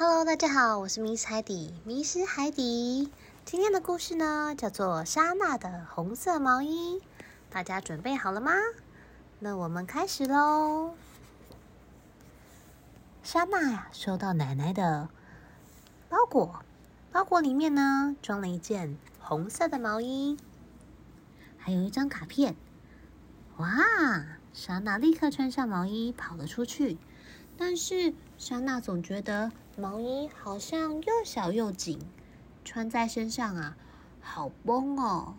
Hello，大家好，我是迷失海底，迷失海底。今天的故事呢，叫做紗娜的紅色毛衣。大家準備好了嗎？那我們開始嘍。紗娜呀，收到奶奶的包裹，包裹裡面呢裝了一件紅色的毛衣，還有一張卡片。哇！紗娜立刻穿上毛衣，跑了出去。但是紗娜總覺得毛衣好像又小又緊，穿在身上啊，好繃哦！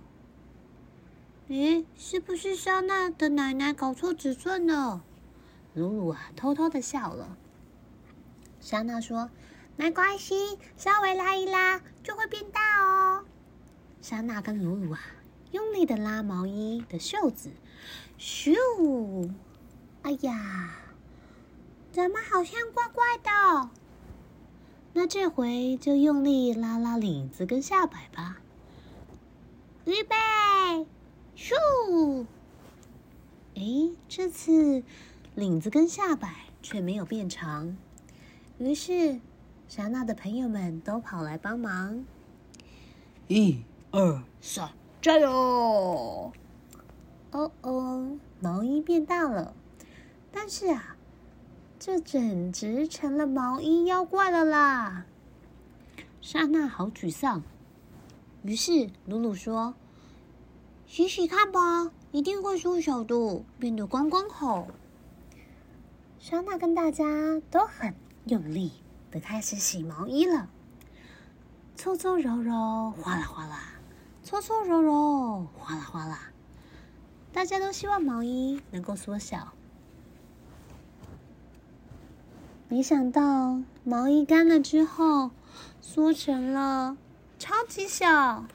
咦，是不是紗娜的奶奶搞錯尺寸了？魯魯啊，偷偷的笑了。紗娜說：“沒關係，稍微拉一拉就會變大哦。”紗娜跟魯魯啊，用力的拉毛衣的袖子，咻！哎呀！怎麼好像怪怪的？那這回就用力拉拉領子跟下擺吧。預備，咻！哎，這次領子跟下擺卻沒有變長。於是，莎娜的朋友們都跑來幫忙。一二三，加油！哦哦，毛衣變大了，但是啊，這簡直成了毛衣妖怪了啦！莎娜好沮喪。於是魯魯說：“洗洗看吧，一定會縮小的，變得光光好。”莎娜跟大家都很用力的開始洗毛衣了，搓搓揉揉，嘩啦嘩啦，搓搓揉揉，嘩啦嘩啦。大家都希望毛衣能夠縮小。沒想到毛衣乾了之後，縮成了超級小。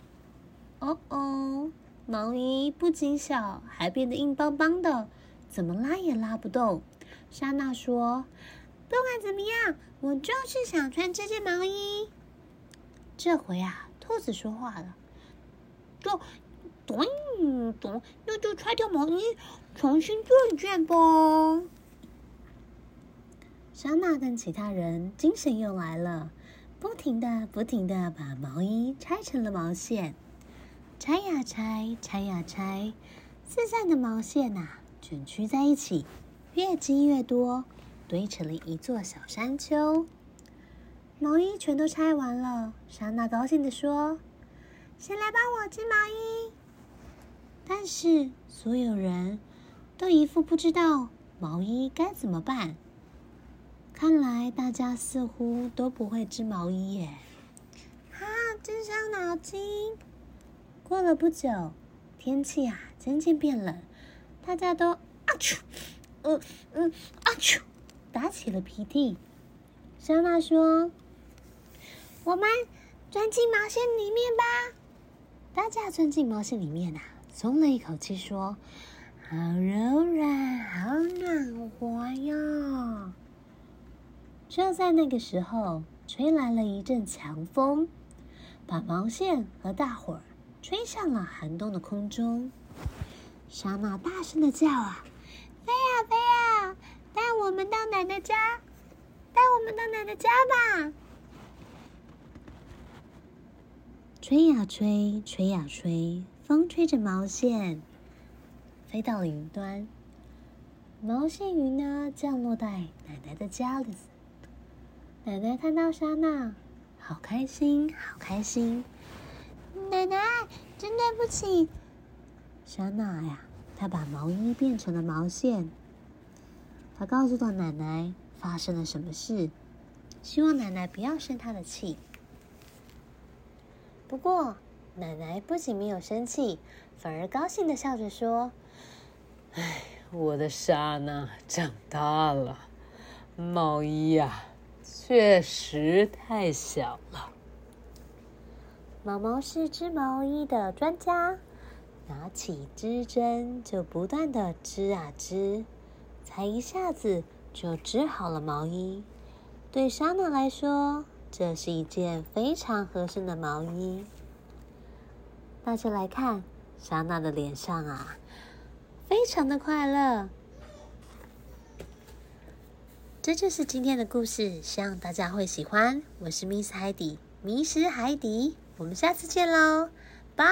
哦哦，毛衣不僅小，還變得硬邦邦的，怎麼拉也拉不動。紗娜說：“不管怎麼樣，我就是想穿這件毛衣。”這回啊，兔子說話了：“就，咚咚，那就拆掉毛衣，重新做一件吧。”紗娜跟其他人精神又來了，不停的、不停的把毛衣拆成了毛線，拆呀拆，拆呀拆，四散的毛線吶、啊、捲曲在一起，越積越多，堆成了一座小山丘。毛衣全都拆完了，紗娜高興地說：“誰來幫我織毛衣？”但是所有人都一副不知道毛衣該怎麼辦。看來大家似乎都不會織毛衣耶！啊，真傷腦筋。過了不久，天氣啊漸漸變冷，大家都啊秋，嗯嗯、呃呃、啊秋，打起了鼻涕。紗娜說：“我們鑽進毛線裡面吧！”大家鑽進毛線裡面啊，鬆了一口氣，說：“好柔軟，好暖和喲！”就在那個時候，吹來了一陣強風，把毛線和大夥兒吹向了寒冬的空中。紗娜大聲的叫啊：“飛呀飛呀，帶我們到奶奶家，帶我們到奶奶家吧！”吹呀吹，吹呀吹，風吹着毛線，飛到了雲端。毛線雲呢，降落在奶奶的家裡。奶奶看到莎娜，好開心，好開心。奶奶，真對不起，莎娜呀，她把毛衣變成了毛線。她告訴了奶奶發生了什麼事，希望奶奶不要生她的氣。不過，奶奶不僅沒有生氣，反而高興的笑着說：“哎，我的莎娜長大了，毛衣呀、啊。”確實太小了。毛毛是織毛衣的專家，拿起織針就不斷的織啊織，才一下子就織好了毛衣。對紗娜來說，這是一件非常合身的毛衣。大家來看，紗娜的臉上啊，非常的快樂。這就是今天的故事，希望大家會喜歡。我是 Miss 海底，迷失海底，我們下次見嘍，拜。